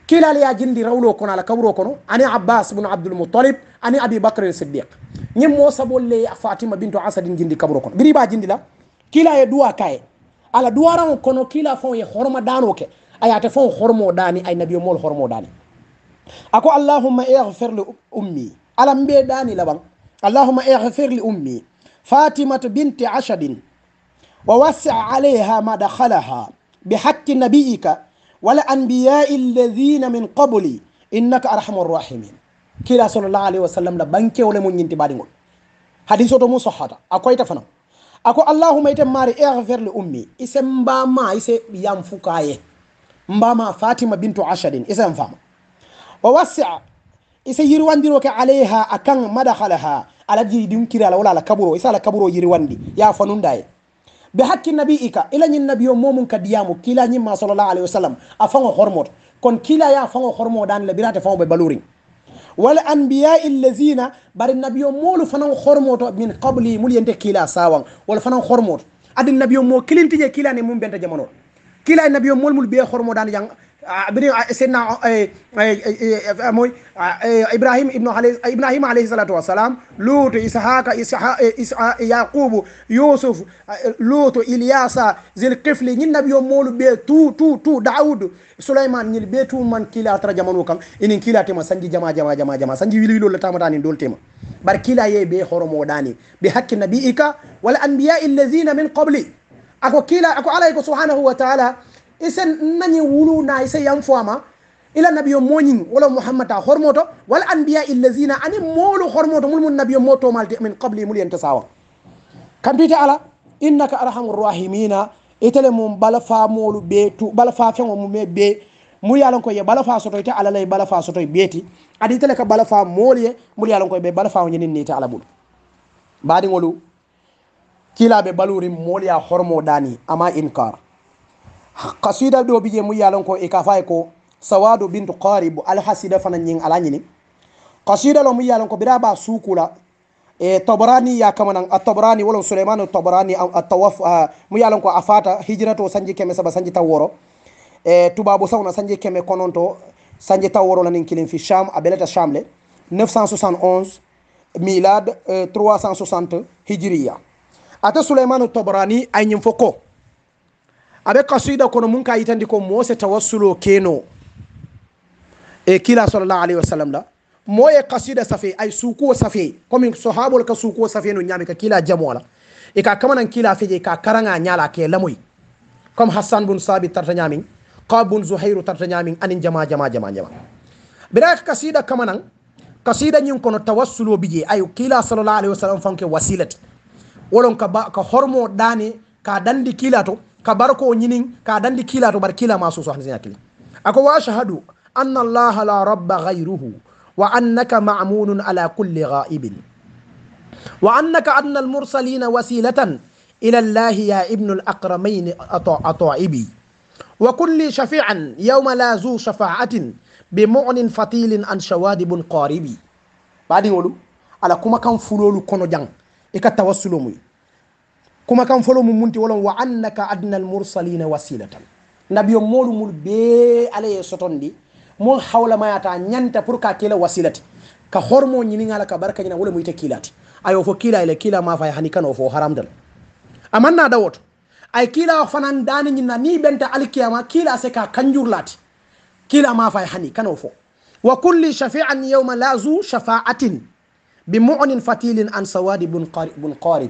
kilal ya jindi rawlo kono ala kawro kono ani abbas bnu abdulmutalib ani abibacre siddiq ñim mo sabolle a fatima bintu asadin jindi kabro kono biriba jindi la kila ye duwa kaye ala duwaran kono kila fon ye horma dano ke ayate fon hormo dani ay nabio mol hormo dani ako allahumma ihfir li ummi alam be dani laban allahumma ihfir li ummi fatimata binti ashadin wa wasi alayha madakhalaha bihaqi nabiika wala ambiyai lladina min qabli innaka arhamu rahimin kila salllah alayhi wa sallam la bankewole mo ñintibaɗigol hadis oto mu sohata a koyta fana a ko allahuma ite maari erver le ummi ise mbama ise yam fukaye mbama fatima bintu ashadin isen fama wa wassia ise yirwandiroke alayha a kan madahalaha aladji ɗin kiri ala wala ala kaburo ise ala kaburo yirwandi ya fanundaye بحق النبي إيكا إلا ني النبي مومن كديامو كلا ما صلى الله عليه وسلم أفنغ خرموت كون كلا يا فنغ خرمو دان لبرات فنغ ببلورين والأنبياء الذين بار النبي مول فنغ خرموت من قبل مليان كلا ساوان ولا فنغ خرموت أدي النبي مو كلين تيجي كلا نمون بنت جمانو كلا النبي مول مول بيه خرمو دان يان ɓiri senna moy ibrahim ibno ibrahima alayhi salatu wassalam luto ishaka eh, eh, yaqubu yusuf ah, eh, luto iliasa zilkifli ñin nabiyo molu ɓe tout tout tout daoud souleyman ñil ɓe tout man kiila tara jamanu kam inin kiila tema sanji jama jama jama jama sanji wil wilol tamatani dol tema bar kiila ye ɓe horomoɗani ɓe hakki nabi ika wal anbiya illazina min qobli ako kiila ako alay ko subhanahu wa taala isen nañi wulu na ise yam fama ila nabiyo moñin wala mouhammada hormoto wala anbiya illazina ani moolu hormoto mulmun nabiyo mo tomalde min qabli mul yenta sawa kantuite ala innaka arhamu rahimina itele mum bala fa moolu be tu bala fa fego mume be mu yalonko ye bala fa sotoy te ala lay bala fa sotoy beeti adi itele ka bala fa mool ye mul yalonkoye ɓe bala fao ñenin nite ala ɓul mbaɗigolu kiilaɓe balurin mool ya hormo dani ama incar kasida do bije mu yalon ko e kafay ko sawadu bintu qarib al hasida fana nyin ala nyini kasida lo mu yalon ko biraba sukula e tabarani ya kamanan at tabrani wala sulaiman tabrani at tawaf mu yalon ko afata hijratu sanji keme saba sanji taworo e tubabo sawna sanji keme kononto sanji taworo lanin kilin fi sham abelata shamle 971 milad 360 e, hijriya ata sulaiman tabrani ay nyim foko aɓe kasida kono mun ka yitandi ko mose tawassulo keno e kila sallallahu alayhi wa sallam la moye kasida safi ay sukuwo safi comme sahabol ka sukuwo safe no ñami ka kila jamo la e ka kamanan kila feje ka karanga nyala ke lamoy comme hassan bun sabit tarta ñamin qab bun zuhairu tarta ñamin anin jama jama jama jama bira kasida kamanan kasida ñin kono tawassulo bije ay kila sallallahu alayhi wa sallam fanke wasilati wolon ka ba ka hormo dane ka dandi kila to ka bar ko o ñinin ka dandi kiila to bar kiila ma suso hanasina kili ako wa ashhadu anna allaha la rabba gayruhu wa annaka mamunun ala kulli gaibin wa annaka adna almursalina wasilatan ila allahi ya ibnu alakramain ataibi wa kulli shafian yauma la zu shafaatin bemonin fatilin an shawadibun qaribi baɗin olu ala kuma kan fulolu kono jang e ka tawassulomuy kuma kam folo mum munti wolon wa annaka adna almursalina wasilatan nabiyo molumul be alaye sotondi mol hawlamayata ñanta pour ka kila wasilati ka hormo ñiniŋala ka barka ñina wole muyita kilati ayo fo kila ile kila mafaya hani kano fo haramdal amanna dawoto ay kila fanan dani ñinna ni benta alkiyama kila se ka kanjurlati kila mafaya hani kano fo wa kulli shafian yawma lazu shafaatin bi mu'nin fatilin an sawadi bun qaribi qari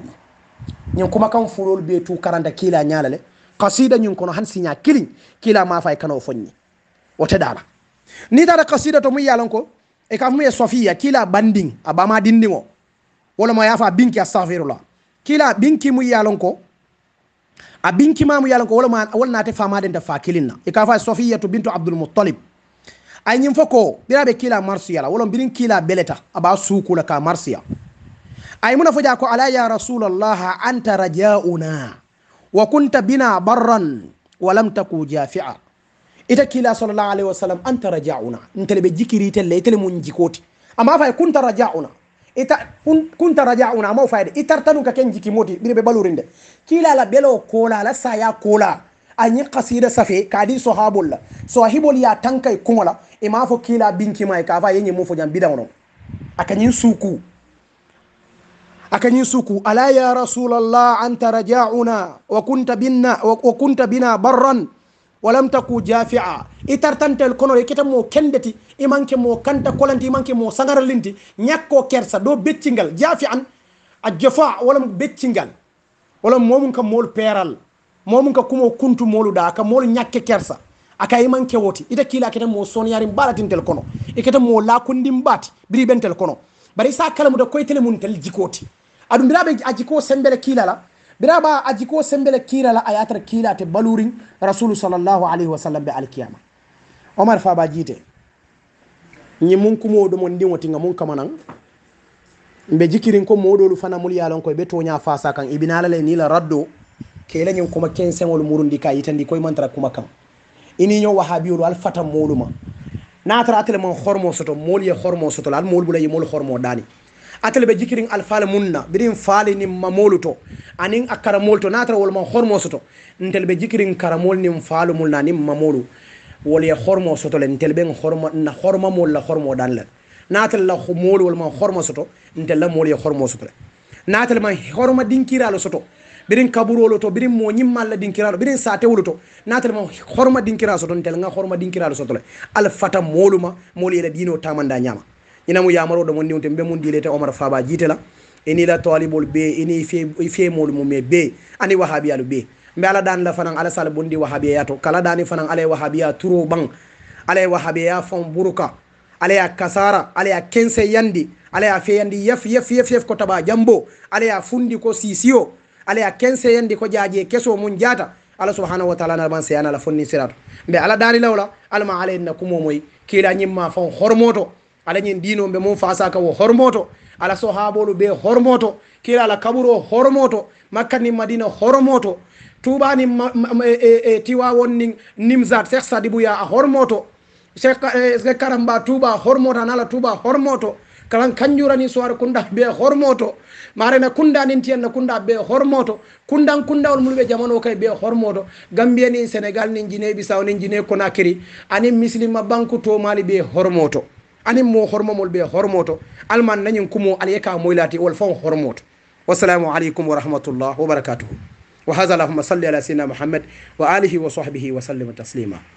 ñin kuma kan fulol be tu karanda kila ñala le qasida ñin kono han siña kiliñ kila ma fay kano foññi wote dala ni dara qasida to mu yalon ko e ka fumuye sofia kila bandin a bama dindiŋo wala ma yafa binki astahfirullah kila binki mu yalon ko a binki ma mu yalon ko wala ma wala nate fama den da fa kilinna e ka fa sofia to bintu abdul muttalib ay ñin fo ko birabe kila marsiya la wala birin kila beleta aba sukula ka marsiya ay muna foƴa ko ala ya rasulallah anta rajauna wa kunta bina barran wa lam taku jafia ita kila salllah alayhi wasallam anta rajauna ntele ɓe jikiri telle itele e mun jikoti ama fay kunta rajauna ita kunta rajauna amao fayde i tartanuka ken jiki moti ɓiriɓe ɓalurinde kilala ɓelo kola la saya kola añi kasida safe kadi sohabol la sohibol ya tankay kugola ima e fo kila binkimay ka fa yeñi mum fo jam bidanono a kañin suku a kañin suku ala ya rasulallah anta rajauna wa kunta binna wa kunta bina barran wa lam taku jafia i tartantel konore kete mo kendeti i manke mo kanta kolanti i manke mo sangaralinti ñakko kersa do beccingal jafian a jofa walla beccingal walla momum ka molu peral momum ka kumo kuntu moluɗa ka molu ñakke kersa aka i manke woti ita kiila kete mo sonyarin mbalatintel kono i kete mo lakundin mbati biri ɓentel kono bari sa kala muta koytele mun tel jikoti adu biraɓe a jiko sembele kiilala biraɓa a jiko sembele kiilala a yatata kiilate balurin rasulu salllahu alayhi wa sallam ɓe alkiyama omar faba jiite ñi munkumoɗo mon ndin otinga mun kama nan mbe jikirin ko moɗolu fanamul yalon koye ɓe toña fasa kan ibinalale nila raddo kelañin kuma kensengol murundi ka yitandi koye mantara kuma kan ini ño wahabiyolu alfata moluma natara atele mon hormo soto moolu ye hormo soto la al moolu bula ye moolu hormo ɗani atele ɓe jikirin alfaale mun na biɗin faalinin moolu to anin a karamoolu to natara wol mon hormo soto ntele ɓe jikirin karamoolu nin faalu mul na anin mamoolu wol ye hormo soto le ntele ɓen na horma moolu la hormo ɗan le natale la moolu wol mon hormo soto ntele la moolu ye hormo soto le natale man horma ɗinkiralo soto birin kaburolo to birin mo ñimmalla dinkiraɗo birin sa tewlo to natalema horma dinkira soton telga horma dinkiraɗo sotole alfata moluma molu ila ɗino tamanda ñama inamu yamaroɗo mon diwte mbe mum dilete omar faba jiitela ini la toalibol be ini femolu mum e be ani wahabiyalu be mbe ala ɗanla fanan ala sala bondi wahabiya ya to kala ɗani fanan alaye wahabiya turo ban alaye wahabiya fon buruka alaya kasara alaya kense yandi alaya feyandi yef yef yef yef ko taɓa jambo alaya fundi ko sisio alaya kense yandi ko jaaje keso mum jaata allah subhanahu wa taala naman seyana ala fonni sirato mbe ala dani lawla alma alay na kumo moy kila ñimma fon hormoto alañin ndinoɓe mum fasaka o hormoto ala sohaɓolu ɓe hormoto kila ala kaɓuro hormoto makkani madina hormoto tubani e, e, e, tiwa won ni nimsat cheikh sadibouya a hormoto cheikh karamba tuba hormoto anala tuba hormoto kalan kanjurani soir kunɗa ɓe hormoto marena kunda nintiyanna kunda ɓe hormoto kundan kundawol mulɓe jamano kay ɓe hormoto gambiya ni sénégal nin jine bisaw nin jine conakiri anin misilima banque tomali ɓe hormoto anin mo hormomol ɓe hormoto alman nañin kumo alayeka moylati wol fon hormoto wassalamu aleykum wa rahmatullah wa barakatuhu wa hasa allahumma salli ala sayidina mouhammad wa alihi wa sahbihi wa sallima taslima